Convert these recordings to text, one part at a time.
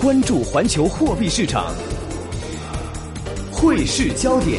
關注環球貨幣市場，匯市焦點。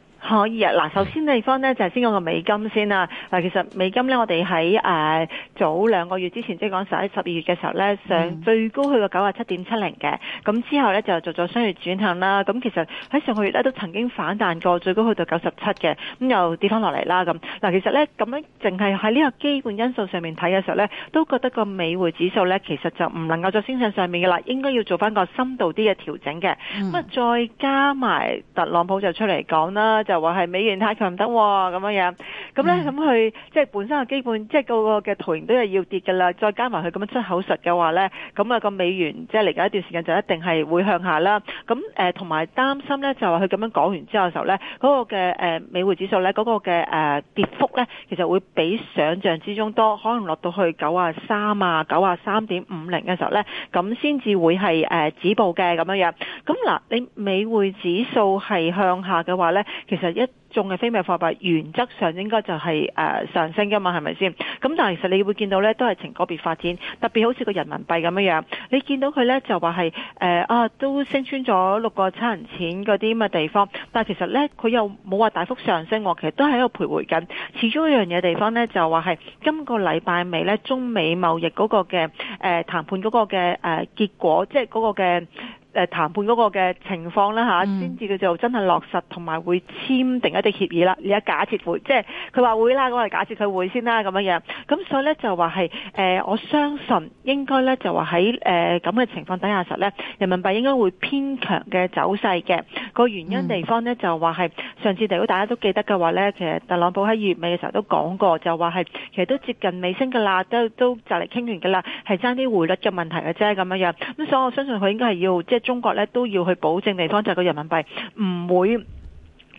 可以啊，嗱，首先地方呢就係先講個美金先啦。嗱，其實美金呢，我哋喺誒早兩個月之前，即係講十一、十二月嘅時候呢，上最高去到九啊七點七零嘅。咁之後呢，就做咗商業轉向啦。咁其實喺上個月呢，都曾經反彈過，最高去到九十七嘅，咁又跌翻落嚟啦。咁嗱，其實呢，咁樣淨係喺呢個基本因素上面睇嘅時候呢，都覺得個美匯指數呢，其實就唔能夠再升上上面嘅啦，應該要做翻個深度啲嘅調整嘅。咁啊，再加埋特朗普就出嚟講啦。就話係美元太強唔得喎，咁樣樣咁咧，咁佢、嗯、即係本身嘅基本，即係個個嘅圖形都係要跌嘅啦。再加埋佢咁樣出口術嘅話咧，咁、那、啊個美元即係嚟緊一段時間就一定係會向下啦。咁同埋擔心咧，就話佢咁樣講完之後嘅時候咧，嗰、那個嘅、呃、美匯指數咧，嗰、那個嘅、呃、跌幅咧，其實會比想像之中多，可能落到去九啊三啊、九啊三點五零嘅時候咧，咁先至會係誒、呃、止步嘅咁樣樣。咁嗱、呃，你美匯指數係向下嘅話咧，其實其實一眾嘅非美貨幣原則上應該就係、是、誒、呃、上升嘅嘛，係咪先？咁但係其實你會見到咧，都係呈個別發展，特別好似個人民幣咁樣樣，你見到佢咧就話係誒啊，都升穿咗六個七人錢嗰啲咁嘅地方，但係其實咧佢又冇話大幅上升喎，其實都係喺度徘徊緊。始終一樣嘢地方咧就話係今個禮拜尾咧中美貿易嗰個嘅誒、呃、談判嗰個嘅誒、呃、結果，即係嗰個嘅。誒談判嗰個嘅情況啦吓，先至叫做真係落實同埋會簽訂一啲協議啦。而家假設會，即係佢話會啦，我啊假設佢會先啦咁樣樣。咁所以咧就話係誒，我相信應該咧就話喺誒咁嘅情況底下實咧，人民幣應該會偏強嘅走勢嘅。個原因地方咧就話係上次如果大家都記得嘅話咧，其實特朗普喺月尾嘅時候都講過，就話係其實都接近尾聲㗎啦，都都就嚟傾完㗎啦，係爭啲匯率嘅問題㗎啫咁樣樣。咁所以我相信佢應該係要即係中國咧都要去保證地方，就係個人民幣，唔會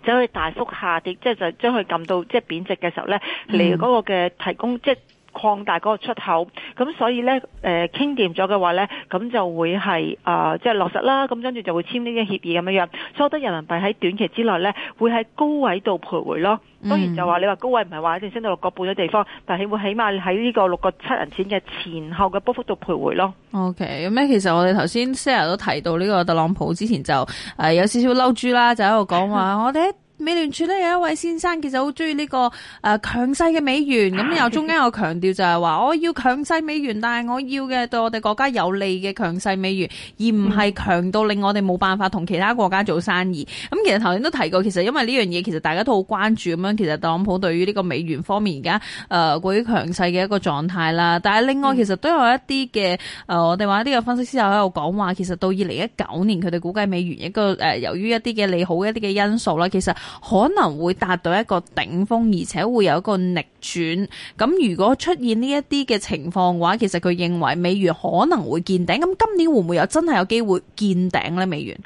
走去大幅下跌，即、就、係、是、就將佢撳到即係貶值嘅時候咧，嚟嗰個嘅提供即係。就是擴大嗰個出口，咁所以咧，誒傾掂咗嘅話咧，咁就會係啊，呃、即係落實啦，咁跟住就會簽呢啲協議咁樣樣，所以我覺得人民幣喺短期之內咧，會喺高位度徘徊咯。當然就話你話高位唔係話一定升到六個半嘅地方，但係起會起碼喺呢個六個七銀錢嘅前後嘅波幅度徘徊咯。OK，咁咧其實我哋頭先 Sarah 都提到呢個特朗普之前就、呃、有少少嬲豬啦，就喺度講話我哋。 美聯儲咧有一位先生，其實好中意呢個誒強勢嘅美元，咁又中間有強調就係話我要強勢美元，但係我要嘅對我哋國家有利嘅強勢美元，而唔係強到令我哋冇辦法同其他國家做生意。咁、嗯、其實頭先都提過，其實因為呢樣嘢，其實大家都好關注咁樣。其實特朗普對於呢個美元方面而家誒過於強勢嘅一個狀態啦。但係另外其實都有一啲嘅誒，我哋話一啲嘅分析師又喺度講話，其實到二零一九年，佢哋估計美元一個誒、呃，由於一啲嘅利好一啲嘅因素啦，其實。可能會達到一個頂峰，而且會有一個逆轉。咁如果出現呢一啲嘅情況嘅話，其實佢認為美元可能會見頂。咁今年會唔會有真係有機會見頂呢？美元。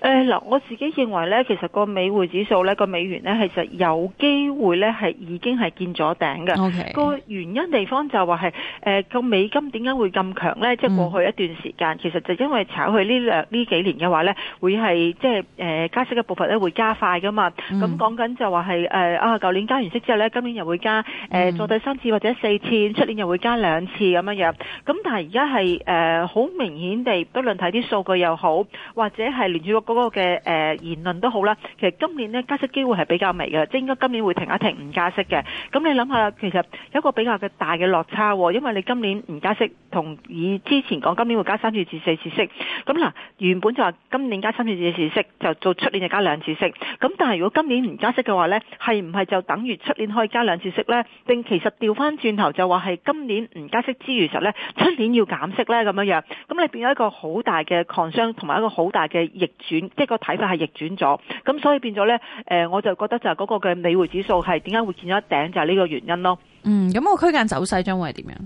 嗱、呃，我自己認為咧，其實個美匯指數咧，個美元咧，其實有機會咧，係已經係見咗頂嘅。個、okay. 原因地方就話係個美金點解會咁強咧？即係過去一段時間，其實就係、因為炒佢呢呢幾年嘅話咧，會係即係誒加息嘅步伐咧會加快噶嘛。咁講緊就話係誒啊，舊、呃、年加完息之後咧，今年又會加誒再第三次或者四次，出年又會加兩次咁樣樣。咁但係而家係誒好明顯地，不論睇啲數據又好，或者係聯儲嗰、嗰個嘅誒言論都好啦，其實今年呢加息機會係比較微嘅，即應該今年會停一停唔加息嘅。咁你諗下，其實有一個比較嘅大嘅落差，因為你今年唔加息，同以之前講今年會加三次至四次息。咁嗱，原本就話今年加三次至四次息，就做出年就加兩次息。咁但係如果今年唔加息嘅話呢，係唔係就等於出年可以加兩次息呢？定其實調返轉頭就話係今年唔加息之餘時候呢，出年要減息呢？咁樣樣？咁你變咗一個好大嘅擴商，同埋一個好大嘅逆轉即係個睇法係逆轉咗，咁所以變咗呢。誒、呃，我就覺得就係嗰個嘅美匯指數係點解會見咗一頂，就係、是、呢個原因咯。嗯，咁個區間走勢將會係點樣？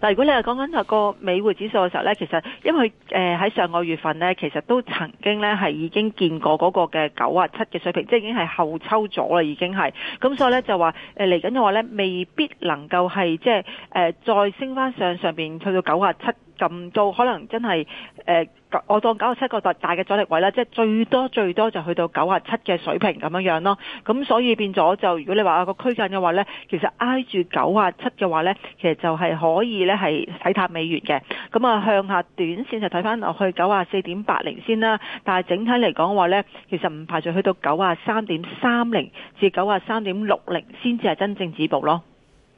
嗱，如果你係講緊個美匯指數嘅時候呢，其實因為誒喺上個月份呢，其實都曾經呢係已經見過嗰個嘅九啊七嘅水平，即係已經係後抽咗啦，已經係，咁所以呢，就話誒嚟緊嘅話呢，未必能夠係即係誒、呃、再升翻上上邊去到九啊七。咁到可能真係誒、呃，我當九十七個大嘅阻力位啦，即係最多最多就去到九十七嘅水平咁樣囉。咯。咁所以變咗就，如果你話個區間嘅話呢，其實挨住九十七嘅話呢，其實就係可以呢係睇淡美元嘅。咁啊，向下短線就睇翻落去九十四點八零先啦。但係整體嚟講話呢，其實唔排除去到九十三點三零至九十三點六零先至係真正止步咯。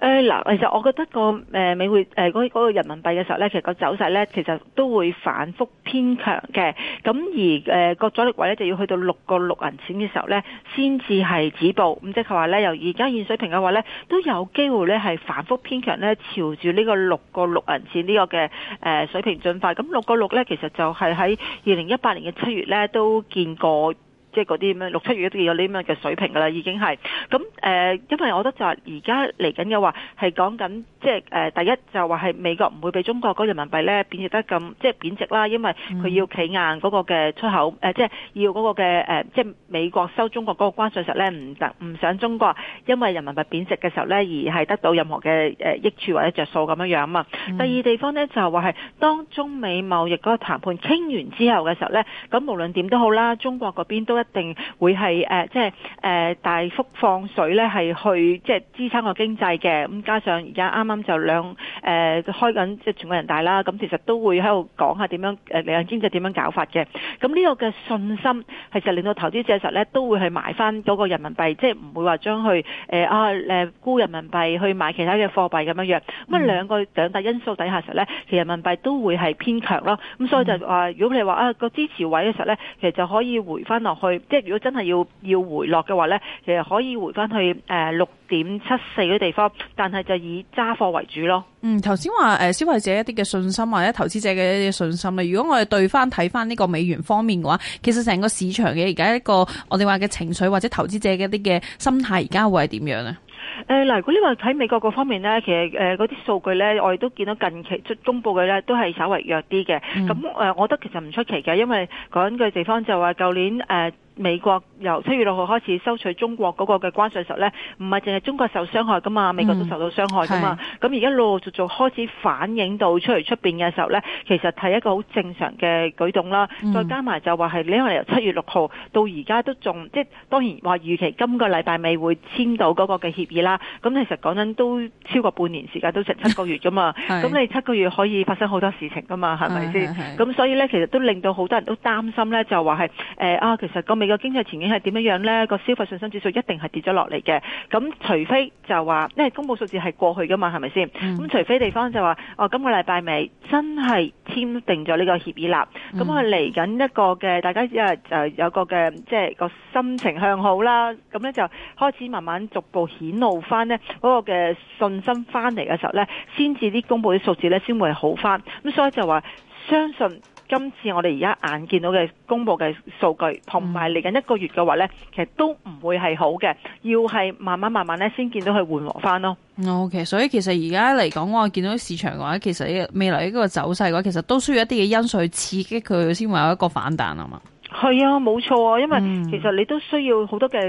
誒嗱，其實我覺得個美匯誒嗰個人民幣嘅時候咧，其實個走勢咧，其實都會反覆偏強嘅。咁而誒個阻力位咧，就要去到六個六銀錢嘅時候咧，先至係止步。咁即係佢話咧，由而家現水平嘅話咧，都有機會咧係反覆偏強咧，朝住呢個六個六銀錢呢個嘅誒水平進化。咁六個六咧，其實就係喺二零一八年嘅七月咧都見過。即係嗰啲咁樣，六七月都有啲咁樣嘅水平㗎啦，已經係。咁誒、呃，因為我覺得就係而家嚟緊嘅話係講緊，即係誒、呃、第一就話係美國唔會俾中國嗰人民幣咧貶值得咁，即係貶值啦，因為佢要企硬嗰個嘅出口，呃、即係要嗰個嘅、呃、即係美國收中國嗰個關稅時候呢，咧，唔得唔想中國因為人民幣貶值嘅時候呢，而係得到任何嘅益處或者著數咁樣、嗯、第二地方呢，就話係當中美貿易嗰個談判傾完之後嘅時候咧，咁無論點都好啦，中國嗰邊都。一定會係誒，即係誒大幅放水呢，係去即係、就是、支撐個經濟嘅。咁加上而家啱啱就兩誒、呃、開緊即係全國人大啦，咁、嗯、其實都會喺度講下點樣兩嚟緊經濟點樣搞法嘅。咁、嗯、呢、這個嘅信心其實令到投資者時候呢，都會去買返嗰個人民幣，即係唔會話將佢誒啊沽人民幣去買其他嘅貨幣咁樣樣。咁、嗯、兩個兩大因素底下實呢，其實人民幣都會係偏強囉。咁所以就話，如果你話個、啊、支持位嘅時候咧，其實就可以回翻落去。即係如果真係要要回落嘅話呢，其實可以回翻去誒六點七四嘅地方，但係就以揸貨為主咯。嗯，頭先話誒消費者一啲嘅信心或者投資者嘅信心咧，如果我哋對翻睇翻呢個美元方面嘅話，其實成個市場嘅而家一個我哋話嘅情緒或者投資者嘅一啲嘅心態而家會係點樣呢？誒、呃、嗱，嗰啲話喺美國各方面咧，其實誒，嗰啲數據咧，我亦都見到近期出公布嘅咧，都係稍為弱啲嘅。咁、嗯、誒、呃，我覺得其實唔出奇嘅，因為講緊嘅地方就話舊年誒。呃美國由七月六號開始收取中國嗰個嘅關稅時候咧，唔係淨係中國受傷害噶嘛，美國都受到傷害噶嘛。咁而家陸陸續續開始反映到出嚟出面嘅時候咧，其實係一個好正常嘅舉動啦。嗯、再加埋就話係，因為由七月六號到而家都仲即係當然話預期今個禮拜未會簽到嗰個嘅協議啦。咁其實講緊都超過半年時間，都成七個月噶嘛。咁 你七個月可以發生好多事情噶嘛，係咪先？咁所以咧，其實都令到好多人都擔心咧，就話係、呃、啊，其實今美國經濟前景係點樣樣呢？個消費信心指數一定係跌咗落嚟嘅。咁除非就話，因為公佈數字係過去噶嘛，係咪先？咁、嗯、除非地方就話，哦，今個禮拜尾真係簽訂咗呢個協議啦。咁佢嚟緊一個嘅，大家因為就有一個嘅，即、就、係、是、個心情向好啦。咁咧就開始慢慢逐步顯露翻呢嗰、那個嘅信心翻嚟嘅時候呢，先至啲公佈啲數字呢先會好翻。咁所以就話相信。今次我哋而家眼見到嘅公布嘅數據，同埋嚟緊一個月嘅話呢，其實都唔會係好嘅，要係慢慢慢慢咧先見到佢緩和翻咯。OK，所以其實而家嚟講，我見到市場嘅話，其實未來呢個走勢嘅話，其實都需要一啲嘅因素去刺激佢會先有一個反彈啊嘛。係啊，冇錯啊，因為其實你都需要好多嘅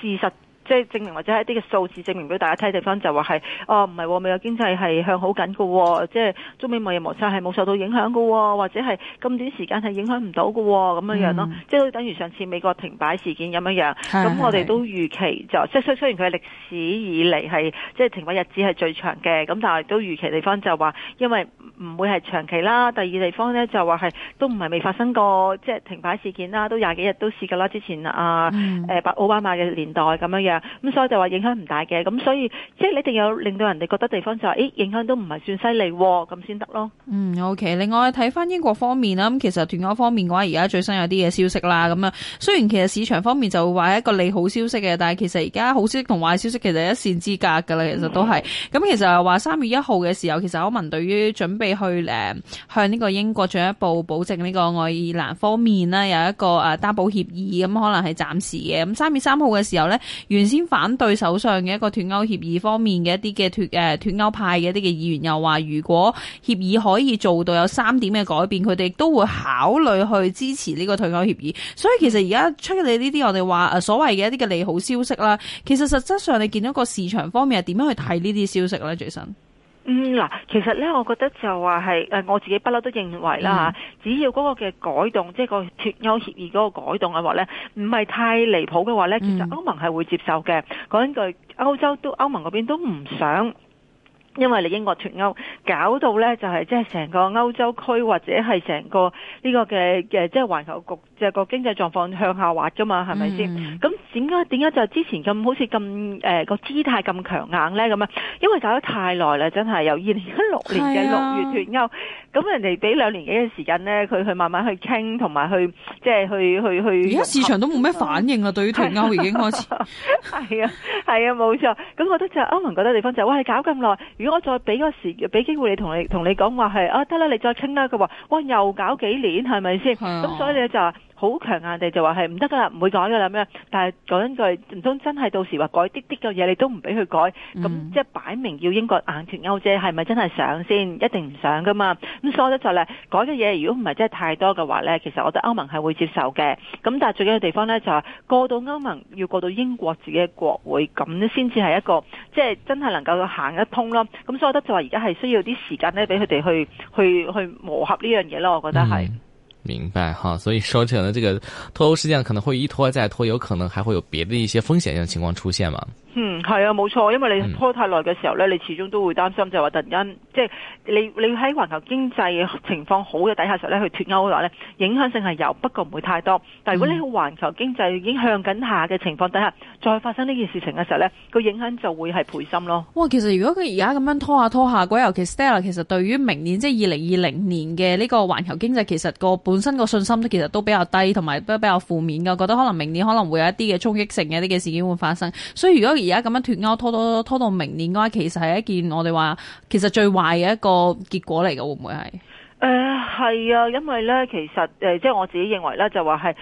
事實。即係證明或者係一啲嘅數字證明俾大家睇，地方就話係哦，唔係、哦、美國經濟係向好緊喎、哦，即係中美貿易摩擦係冇受到影響喎、哦，或者係咁短時間係影響唔到喎。咁樣樣咯。嗯、即係都等於上次美國停擺事件咁樣樣。咁我哋都預期就即係雖然佢係歷史以嚟係即係停擺日子係最長嘅，咁但係都預期地方就話因為唔會係長期啦。第二地方咧就話係都唔係未發生過即係停擺事件啦，都廿幾日都試嘅啦。之前啊，嗯呃、奧巴馬嘅年代咁樣樣。咁、嗯、所以就話影響唔大嘅，咁所以即係、就是、你一定要令到人哋覺得地方就話，誒、欸、影響都唔係算犀利咁先得咯。嗯，OK。另外睇返英國方面啦，咁其實斷交方面嘅話，而家最新有啲嘅消息啦，咁啊，雖然其實市場方面就話一個利好消息嘅，但係其實而家好消息同壞消息其實是一線之隔噶啦、嗯，其實都係。咁其實係話三月一號嘅時候，其實歐盟對於準備去誒向呢個英國進一步保證呢個愛爾蘭方面呢，有一個誒擔保協議，咁可能係暫時嘅。咁三月三號嘅時候呢。完。先反對手上嘅一個脱歐協議方面嘅一啲嘅脱誒脱歐派嘅一啲嘅議員又話，如果協議可以做到有三點嘅改變，佢哋都會考慮去支持呢個脱歐協議。所以其實而家出嚟呢啲我哋話誒所謂嘅一啲嘅利好消息啦，其實實質上你見到個市場方面係點樣去睇呢啲消息呢？最新。嗯嗱，其實咧，我覺得就話係誒，我自己不嬲都認為啦吓，mm -hmm. 只要嗰個嘅改動，即係個脫歐協議嗰個改動嘅話咧，唔係太離譜嘅話咧，其實歐盟係會接受嘅。講 mm -hmm. 句，歐洲都歐盟嗰邊都唔想。因為你英國脱歐搞到咧、這個，就係即係成個歐洲區或者係成個呢個嘅嘅即係環球局即係個經濟狀況向下滑噶嘛，係咪先？咁點解點解就之前咁好似咁誒個姿態咁強硬咧？咁啊，因為搞得太耐啦，真係由二零一六年嘅六月脱歐，咁、啊、人哋俾兩年幾嘅時間咧，佢去慢慢去傾同埋去即係去去去。而家市場都冇咩反應啊、嗯，對於脱歐已經開始。係 啊，係啊，冇錯、啊。咁 我覺得就歐盟嗰啲地方就喂、是，搞咁耐。如果我再俾個時，俾機會你同你同你講話係啊，得啦，你再傾啦。佢話：哇，又搞幾年，係咪先？咁所以你就。好強硬地就話係唔得噶啦，唔會改噶啦咩？但係講緊句，唔通真係到時話改啲啲嘅嘢，你都唔俾佢改，咁即係擺明要英國硬脱歐啫。係咪真係想先？一定唔想噶嘛。咁所以咧就係改嘅嘢，如果唔係真係太多嘅話咧，其實我覺得歐盟係會接受嘅。咁但係最緊嘅地方咧就係、是、過到歐盟，要過到英國自己嘅國會咁先至係一個即係、就是、真係能夠行得通咯。咁所以我覺得就話而家係需要啲時間咧，俾佢哋去去去磨合呢樣嘢咯。我覺得係。嗯明白哈，所以說可能這個脫歐事件可能會一拖再拖，有可能還會有別的一些風險性情況出現嘛。嗯，係啊，冇錯，因為你拖太耐嘅時候咧、嗯，你始終都會擔心，就話、是、突然間，即、就、係、是、你你喺環球經濟情況好嘅底下時候咧，佢脫歐嘅話咧，影響性係有，不過唔會太多。但係如果你喺環球經濟已經向緊下嘅情況底下，再發生呢件事情嘅時候咧，個影響就會係倍深咯。哇，其實如果佢而家咁樣拖下拖下，嗰尤其 Stella，其實對於明年即係二零二零年嘅呢個環球經濟，其實個本身個信心都其實都比較低，同埋都比較負面嘅，覺得可能明年可能會有一啲嘅衝擊性嘅呢件事件會發生。所以如果而家咁樣脫鈎拖到拖，拖到明年嘅話，其實係一件我哋話其實最壞嘅一個結果嚟嘅，會唔會係？誒、呃、係啊，因為咧，其實誒、呃，即係我自己認為咧，就話係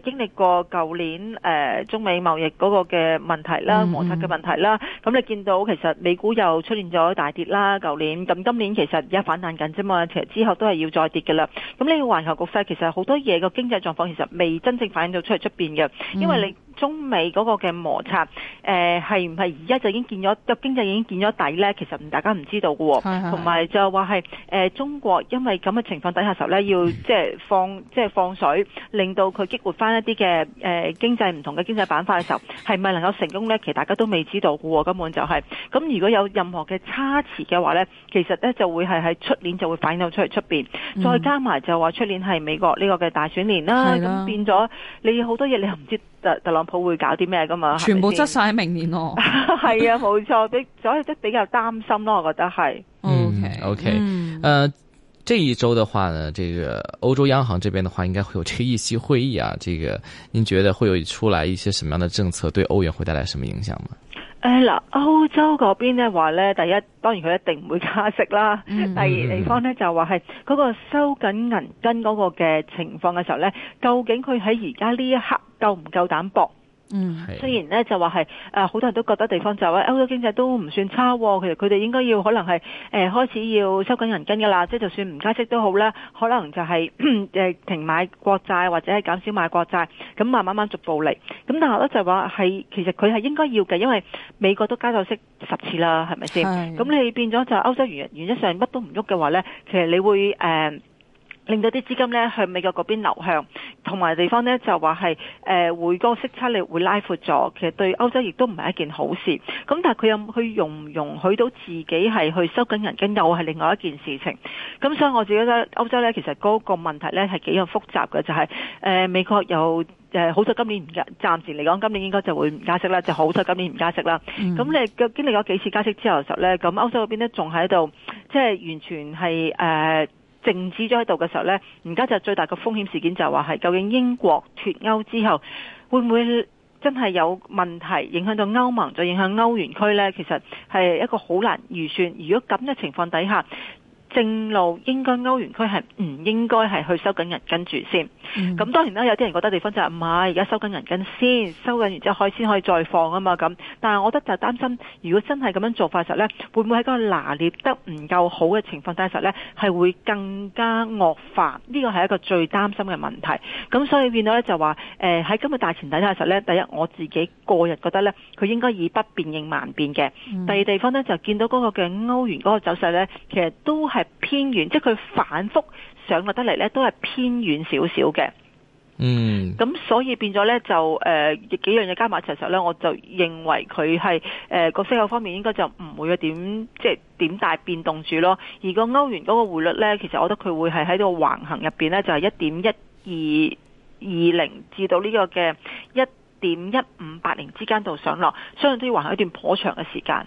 誒，經歷過舊年誒、呃、中美貿易嗰個嘅問題啦，摩擦嘅問題啦，咁、嗯、你見到其實美股又出現咗大跌啦，舊年咁今年其實而家反彈緊啫嘛，其實之後都係要再跌嘅啦。咁呢個環球局勢其實好多嘢個經濟狀況其實未真正反映到出嚟出邊嘅，因為你。嗯中美嗰個嘅摩擦，誒係唔係而家就已經見咗，經濟已經見咗底呢？其實大家唔知道嘅喎、啊。同埋就話係、呃、中國因為咁嘅情況底下時候呢要即係放即係、即係、放水，令到佢激活翻一啲嘅誒經濟唔同嘅經濟板塊嘅時候，係咪能夠成功呢？其實大家都未知道嘅喎、啊。根本就係、係、咁，如果有任何嘅差池嘅話呢，其實呢就會係喺出年就會反映到出嚟出邊、嗯、再加埋就話出年係美國呢個嘅大選年啦，咁變咗你好多嘢，你又唔知特特朗普。會會搞啲咩㗎嘛？全部執晒喺明年咯，係 啊，冇錯，所以都比較擔心咯，我覺得係。 OK OK，誒、uh,，這一周的話呢，這個歐洲央行這邊的話，應該會有這個議息會議啊。這個您覺得會有出來一些什麼樣的政策，對歐元會帶來什麼影響嗎？誒、呃，嗱，歐洲嗰邊呢話咧，第一，當然佢一定唔會加息啦。第二地方呢，就話係嗰個收緊銀根嗰個嘅情況嘅時候咧，究竟佢喺而家呢一刻夠唔夠膽搏？嗯，雖然咧就話係誒，好、啊、多人都覺得地方就話、是、歐洲經濟都唔算差、啊，其實佢哋應該要可能係誒、呃、開始要收緊銀根噶啦，即係就算唔加息都好啦，可能就係、是、誒停買國債或者係減少買國債，咁慢、慢慢慢逐步嚟。咁但係咧就話係其實佢係應該要嘅，因為美國都加咗息十次啦，係咪先？咁你變咗就歐洲原原則上乜都唔喐嘅話咧，其實你會誒。呃令到啲資金咧向美國嗰邊流向，同埋地方咧就話係會個息差率會拉闊咗，其實對歐洲亦都唔係一件好事。咁但係佢又去容唔容許到自己係去收緊人間，又係另外一件事情。咁所以我自己覺得歐洲咧其實嗰個問題咧係幾個複雜嘅，就係、是呃、美國又、呃、好在今年唔加，暫時嚟講今年應該就會唔加息啦，就好在今年唔加息啦。咁、嗯、你經歷咗幾次加息之後嘅時候咧，咁歐洲嗰邊咧仲喺度，即係、就是、完全係靜止咗喺度嘅時候呢，而家就最大嘅風險事件就係話係究竟英國脫歐之後會唔會真係有問題影響到歐盟，再影響歐元區呢？其實係一個好難預算。如果咁嘅情況底下，正路應該歐元區係唔應該係去收緊銀根住先，咁、嗯、當然啦，有啲人覺得地方就唔、是、係，而家收緊銀根先，收緊完之後可以先可以再放啊嘛咁。但係我覺得就擔心，如果真係咁樣做法實呢，會唔會喺嗰個拿捏得唔夠好嘅情況底下時候呢咧，係會更加惡化？呢個係一個最擔心嘅問題。咁所以變到呢，就、呃、話，喺今日大前提底下實呢，第一我自己個人覺得呢，佢應該以不變應萬變嘅。第二地方呢，就見到嗰個嘅歐元嗰個走勢呢，其實都係。係偏遠，即係佢反復上落得嚟呢都係偏遠少少嘅。嗯，咁所以變咗呢，就、呃、誒，幾樣嘢加埋一齊時候咧，我就認為佢係誒個息口方面應該就唔會有點，即係點大變動住咯。而個歐元嗰個匯率呢，其實我覺得佢會係喺度橫行入邊呢就係一點一二二零至到呢個嘅一點一五八零之間度上落，相信都要橫行一段頗長嘅時間。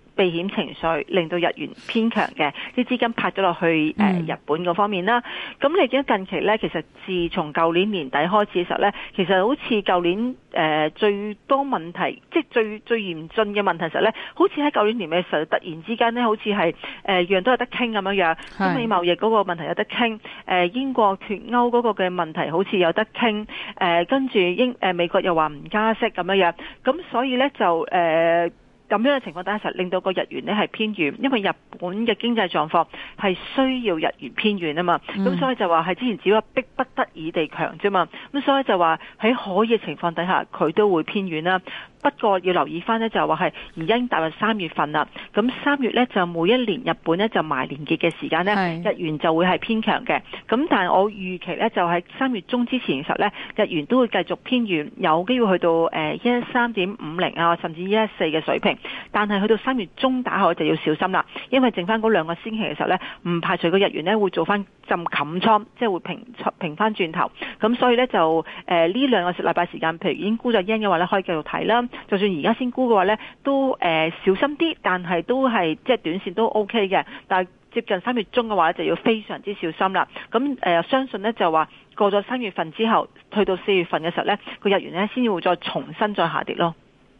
避險情緒令到日元偏強嘅，啲資金拍咗落去、嗯啊、日本嗰方面啦。咁你記得近期呢，其實自從舊年年底開始嘅時候呢，其實好似舊年、呃、最多問題，即係最最嚴峻嘅問題時候呢，好似喺舊年年尾嘅時候突然之間呢，好似係誒樣都有得傾咁樣樣。中美貿易嗰個問題有得傾、呃，英國脫歐嗰個嘅問題好似有得傾，誒跟住英、呃、美國又話唔加息咁樣樣，咁所以呢，就誒。呃咁樣嘅情況底下，實令到個日元呢係偏軟，因為日本嘅經濟狀況係需要日元偏軟啊嘛。咁、嗯、所以就話係之前只不過迫不得已地強啫嘛。咁所以就話喺可以嘅情況底下，佢都會偏軟啦、啊。不過要留意翻呢，就話係而家大約三月份啦。咁三月呢，就每一年日本呢就埋年結嘅時間呢，日元就會係偏強嘅。咁但係我預期呢，就係三月中之前嘅時候呢，日元都會繼續偏軟，有機會去到誒一三點五零啊，甚至一四嘅水平。但係去到三月中打後就要小心啦，因為剩翻嗰兩個星期嘅時候呢，唔排除個日元呢會做翻浸冚倉，即係會平返平翻轉頭，咁所以呢，就誒呢兩個禮拜時間，譬如已經沽咗 yen 嘅話呢，可以繼續睇啦。就算而家先沽嘅話呢，都誒、呃、小心啲，但係都係即係短線都 OK 嘅。但係接近三月中嘅話就要非常之小心啦。咁誒、呃、相信呢，就話過咗三月份之後，去到四月份嘅時候呢，個日元呢先會再重新再下跌咯。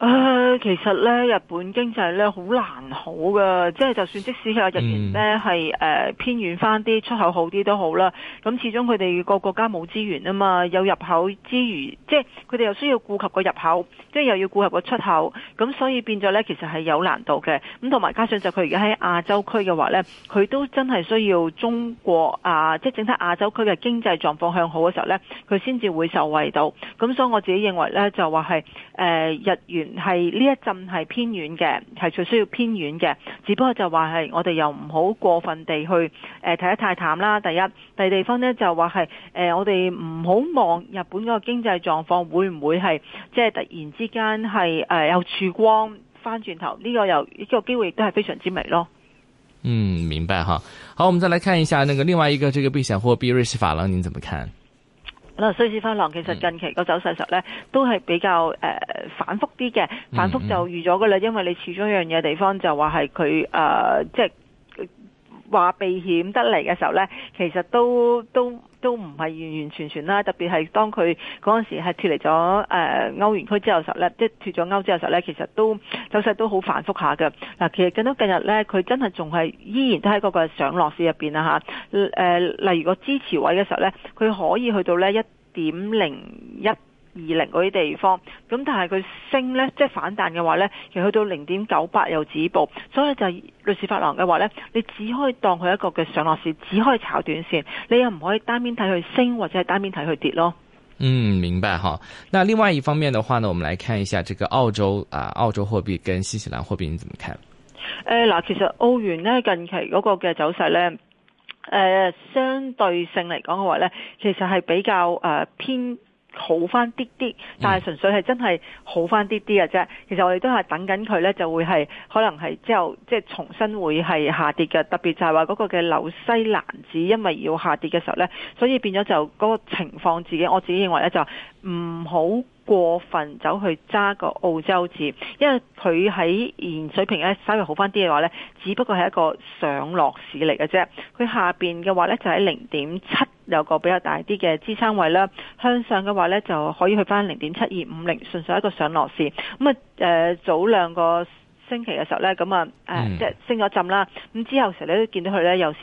啊、其實咧，日本經濟咧好難好㗎。即係就算即使係日元咧係誒偏遠返啲，出口好啲都好啦。咁始終佢哋個國家冇資源啊嘛，有入口之餘，即係佢哋又需要顧及個入口，即係又要顧及個出口。咁所以變咗咧，其實係有難度嘅。咁同埋加上就佢而家喺亞洲區嘅話咧，佢都真係需要中國啊，即係整體亞洲區嘅經濟狀況向好嘅時候咧，佢先至會受惠到。咁所以我自己認為咧，就話係誒日元。係呢一陣係偏遠嘅，係就需要偏遠嘅，只不過就話係我哋又唔好過分地去誒睇得太淡啦。第一，第二地方呢就話係誒我哋唔好望日本嗰個經濟狀況會唔會係即係突然之間係誒有曙光翻轉頭？呢個又呢個機會亦都係非常之微咯。嗯，明白哈。好，我們再來看一下那個另外一個這個避險貨幣瑞士法郎，您怎麼看？嗱，瑞士法郎，其實近期個走勢實咧都係比較、呃、反覆啲嘅，反覆就預咗㗎啦，因為你始終一樣嘢地方就話係佢、呃、即係話避險得嚟嘅時候咧，其實都都。都唔係完完全全啦，特別係當佢嗰陣時係脫離咗誒、呃、歐元區之後時候咧，即係脫咗歐之後時候咧，其實都走勢都好繁複下嘅。嗱，其實近到近日咧，佢真係仲係依然都喺嗰個上落市入邊啦嚇。誒、啊呃，例如個支持位嘅時候咧，佢可以去到咧一點零一。二零嗰啲地方，咁但係佢升呢，即係反彈嘅話呢，其實去到零點九八又止步，所以就係瑞士法郎嘅話呢，你只可以當佢一個嘅上落市，只可以炒短線，你又唔可以單邊睇佢升或者係單邊睇佢跌咯。嗯，明白哈。那另外一方面嘅話呢，我們來看一下這個澳洲啊，澳洲貨幣跟新西蘭貨幣，你怎麼看？誒，嗱，其實澳元呢，近期嗰個嘅走勢呢，誒、呃、相對性嚟講嘅話呢，其實係比較誒、呃、偏。好翻啲啲，但係純粹係真係好翻啲啲嘅啫。其實我哋都係等緊佢呢，就會係可能係之後即係重新會係下跌嘅。特別就係話嗰個嘅紐西蘭紙因為要下跌嘅時候呢，所以變咗就嗰個情況自己，我自己認為呢，就唔好。過分走去揸個澳洲字，因為佢喺現水平咧稍微好翻啲嘅話呢，只不過係一個上落市嚟嘅啫。佢下面嘅話呢，就喺零點七有個比較大啲嘅支撐位啦。向上嘅話呢，就可以去翻零點七二五零，純粹一個上落市。咁、嗯、啊、呃、早兩個星期嘅時候呢，咁、呃、啊、嗯、即係升咗浸啦。咁之後時候都見到佢呢，又、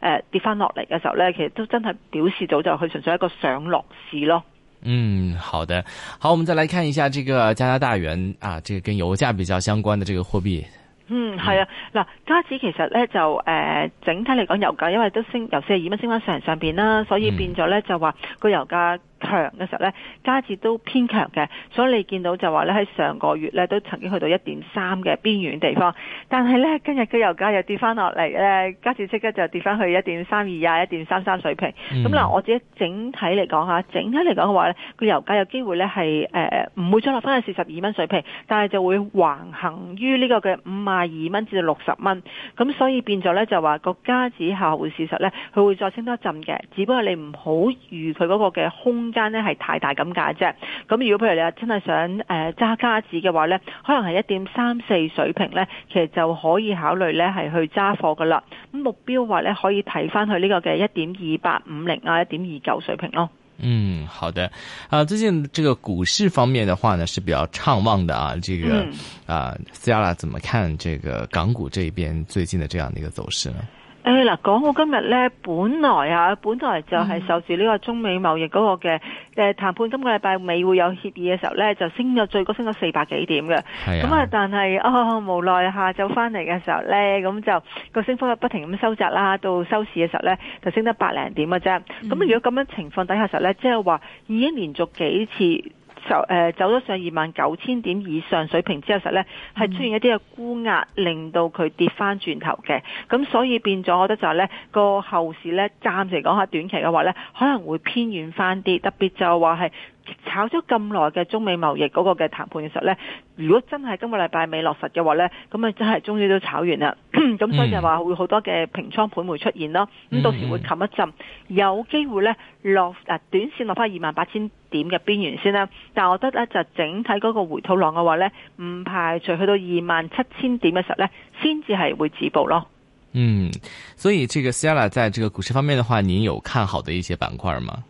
呃、是跌翻落嚟嘅時候呢，其實都真係表示到就係純粹一個上落市咯。嗯，好的，好，我們再來看一下這個加拿大元啊，這個跟油價比較相關的這個貨幣。嗯、係、嗯、啊、嗱，加始其實咧就誒、呃，整體嚟講油價，因為都升，由四十二蚊升翻上上邊啦，所以變咗咧就話個油價。強嘅時候咧，加字都偏強嘅，所以你見到就話咧喺上個月咧都曾經去到一點三嘅邊緣地方，但係咧今日個油價又跌翻落嚟咧，加字即刻就跌翻去一點三二啊、一點三三水平。咁、嗯、嗱，我自己整體嚟講嚇，整體嚟講嘅話咧，個油價有機會咧係誒唔會再落翻去四十二蚊水平，但係就會橫行於呢個嘅五十二蚊至到六十蚊。咁所以變咗咧就話個加字下會事實咧，佢會再升多一陣嘅，只不過你唔好預佢嗰個嘅空間咧係太大咁解啫，咁如果譬如你真係想誒揸家子嘅話呢，可能係一點三四水平呢，其實就可以考慮呢係去揸貨噶啦。咁目標話呢，可以睇翻去呢個嘅一點二八五零啊，一點二九水平咯。嗯，好的。啊，最近這個股市方面的話呢，是比較暢旺的啊。這個啊 Celia 怎麼看這個港股這邊最近的這樣的一個走勢呢？誒、哎，嗱，講好今日咧，本來啊，本來就係受住呢個中美貿易嗰個嘅誒談判，今個禮拜尾會有協議嘅時候咧，就升咗最高升咗四百幾點嘅。咁啊，但係啊、哦，無奈下晝翻嚟嘅時候咧，咁就個升幅就不停咁收窄啦，到收市嘅時候咧，就升得百零點嘅啫。咁、嗯、如果咁樣情況底下時候咧，即係話已經連續幾次。就誒走咗上二萬九千點以上水平之後，實咧係出現一啲嘅沽壓，令到佢跌翻轉頭嘅。咁所以變咗，我覺得就係咧個後市咧，暫時講下短期嘅話咧，可能會偏遠翻啲，特別就係話係。炒咗咁耐嘅中美貿易嗰個嘅談判嘅時候呢，如果真係今個禮拜未落實嘅話呢，咁咪真係終於都炒完啦。咁 所以就話會好多嘅平倉盤會出現咯。咁、嗯、到時會冚一浸，有機會呢，落啊短線落翻二萬八千點嘅邊緣先啦。但係我覺得呢，就整體嗰個回吐浪嘅話呢，唔排除去到二萬七千點嘅時候呢，先至係會止步咯。嗯，所以這個 Celia 在這個股市方面的話，您有看好的一些板塊嗎？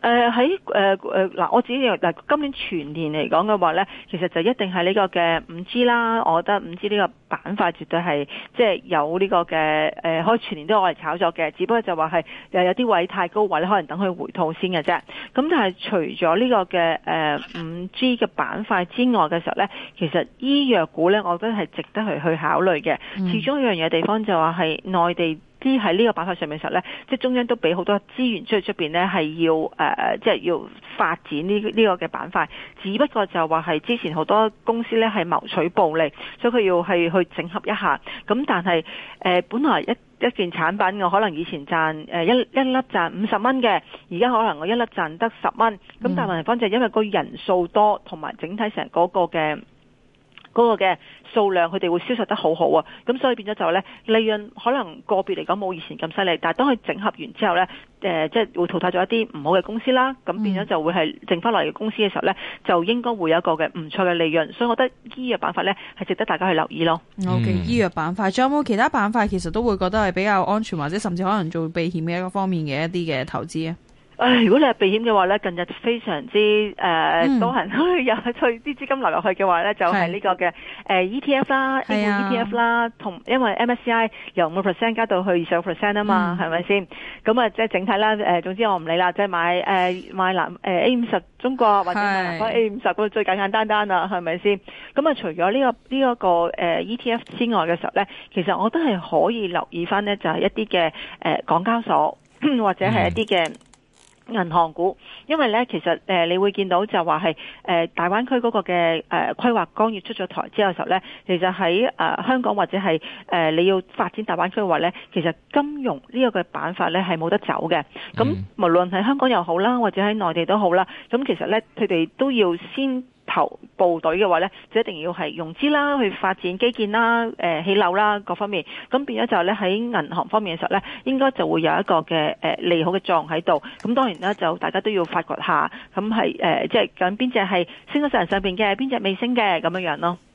誒喺誒誒嗱，我自己嗱，今年全年嚟講嘅話咧，其實就一定係呢個嘅五 G 啦。我覺得五 G 呢個板塊絕對係即係有呢個嘅誒、呃，可以全年都攞嚟炒作嘅。只不過就話係誒有啲位太高位，可能等佢回吐先嘅啫。咁但係除咗呢個嘅誒五 G 嘅板塊之外嘅時候咧，其實醫藥股咧，我覺得係值得去去考慮嘅。始終有一樣嘢，地方就話係內地。啲喺呢個板塊上面嘅時候呢，即係中央都俾好多資源出出面呢，係要誒、呃、即係要發展呢呢個嘅板塊。只不過就話係之前好多公司呢係謀取暴利，所以佢要係去整合一下。咁但係、呃、本來一一件產品我可能以前賺誒一一粒賺五十蚊嘅，而家可能我一粒賺得十蚊。咁但係問題就係因為個人數多，同埋整體成嗰個嘅。嗰個嘅數量，佢哋會銷售得好好啊，咁所以變咗就呢，利潤可能個別嚟講冇以前咁犀利，但係當佢整合完之後呢，誒、呃，即係會淘汰咗一啲唔好嘅公司啦，咁變咗就會係剩翻落嚟嘅公司嘅時候呢，就應該會有一個嘅唔錯嘅利潤，所以我覺得醫藥板塊呢係值得大家去留意咯。OK，醫藥板塊仲有冇其他板塊？其實都會覺得係比較安全，或者甚至可能做避險嘅一個方面嘅一啲嘅投資啊。誒，如果你係避險嘅話咧，近日非常之誒都行去，又去推啲資金流入去嘅話咧，就係、是、呢個嘅 ETF 啦 A 五 ETF 啦，同因為 MSCI 由五 percent 加到去二十 percent 啊嘛，係咪先？咁啊，即係整體啦。總之我唔理啦，即、就、係、是、買 A 五十中國或者買南方 A 五十，嗰最簡簡單單啦，係咪先？咁啊，除咗呢、這個呢一、這個、ETF 之外嘅時候咧，其實我都係可以留意翻咧，就係一啲嘅港交所 或者係一啲嘅。嗯銀行股，因為咧其實誒、呃，你會見到就話係誒，大灣區嗰個嘅誒、呃、規劃綱要出咗台之後嘅時候咧，其實喺誒、呃、香港或者係誒、呃、你要發展大灣區嘅話咧，其實金融辦呢一個板塊咧係冇得走嘅。咁無論係香港又好啦，或者喺內地都好啦，咁其實咧佢哋都要先，投部隊嘅話呢，就一定要係融資啦，去發展基建啦、誒起樓啦各方面，咁變咗就係咧喺銀行方面嘅時候呢，應該就會有一個嘅誒利好嘅作用喺度。咁當然啦，就大家都要發掘下，咁係誒即係咁邊隻係升咗上上邊嘅，邊隻未升嘅咁樣樣咯。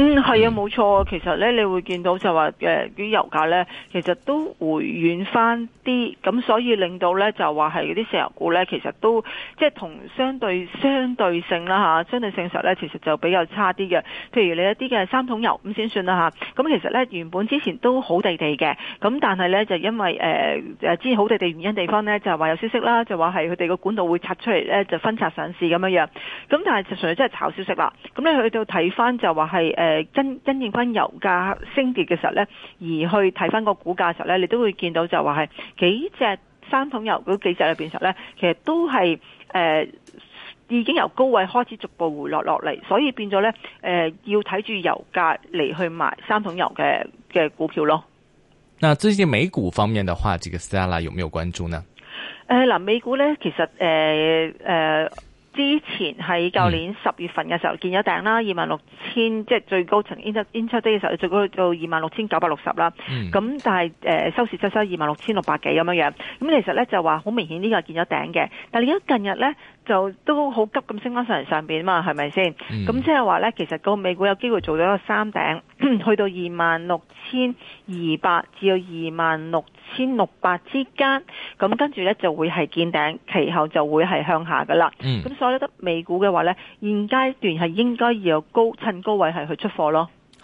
嗯，係啊，冇錯。其實咧，你會見到就話誒啲油價咧，其實都回軟翻啲，咁所以令到咧就話係嗰啲石油股咧，其實都即係同相對相對性啦嚇，相對性上咧其實就比較差啲嘅。譬如你一啲嘅三桶油咁先算啦嚇。咁其實咧原本之前都好地地嘅，咁但係咧就因為誒誒、呃、之前好地地原因地方咧就話有消息啦，就話係佢哋個管道會拆出嚟咧就分拆上市咁樣樣。咁但係就純粹真係炒消息啦。咁你去到睇翻就話係誒、呃，應跟跟住，翻油價升跌嘅時候呢，而去睇翻個股價嘅時候呢，你都會見到就話係幾隻三桶油嗰幾隻入邊時候呢，其實都係誒、呃、已經由高位開始逐步回落落嚟，所以變咗呢，誒、呃、要睇住油價嚟去買三桶油嘅嘅股票咯。那最近美股方面嘅話，這個 Stella 有沒有關注呢？誒，嗱，美股呢，其實誒誒。呃呃之前喺舊年十月份嘅時候見咗頂啦，二萬六千即係最高層，inter-inter day 嘅時候最高到二萬六千九百六十啦。咁但係、呃、收市就收收二萬六千六百幾咁樣樣。咁其實咧就話好明顯呢個係見咗頂嘅。但係你而家近日咧，就都好急咁升翻上嚟上邊啊嘛，係咪先？咁即係話呢，其實個美股有機會做到一個三頂，去到二萬六千二百至到二萬六千六百之間，咁跟住呢就會係見頂，其後就會係向下噶啦。咁、嗯、所以得美股嘅話呢，現階段係應該要高趁高位係去出貨咯。